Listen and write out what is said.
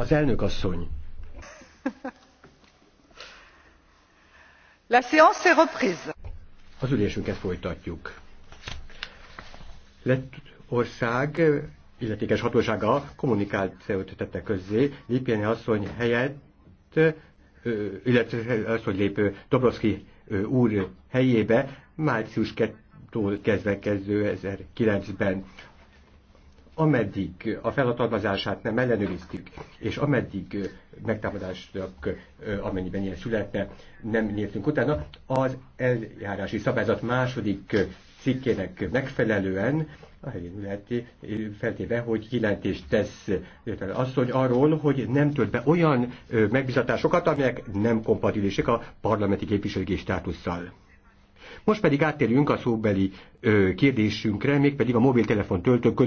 Az elnök asszony. La séance est reprise. Az ülésünket folytatjuk. Lett ország illetékes hatósága kommunikációt tette közzé, Lépjeni asszony helyett, illetve asszony lépő Dobroszki úr helyébe március 2 kezdve kezdő 2009-ben ameddig a felhatalmazását nem ellenőriztük, és ameddig megtámadásnak, amennyiben ilyen születne, nem nyíltunk utána, az eljárási szabályzat második cikkének megfelelően, a helyén ületi, feltéve, hogy jelentést tesz asszony arról, hogy nem tölt be olyan megbizatásokat, amelyek nem kompatibilisek a parlamenti képviselői státusszal. Most pedig áttérünk a szóbeli kérdésünkre, mégpedig a mobiltelefon töltők